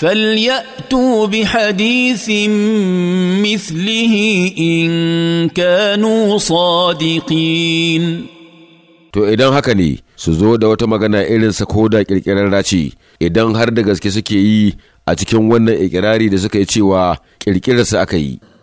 فلياتوا بحديث مثله ان كانوا صادقين to idan haka ne su zo da wata magana irinsa ko da kirkirar ce idan har da gaske suke yi a cikin wannan ikirari da suka yi cewa su aka yi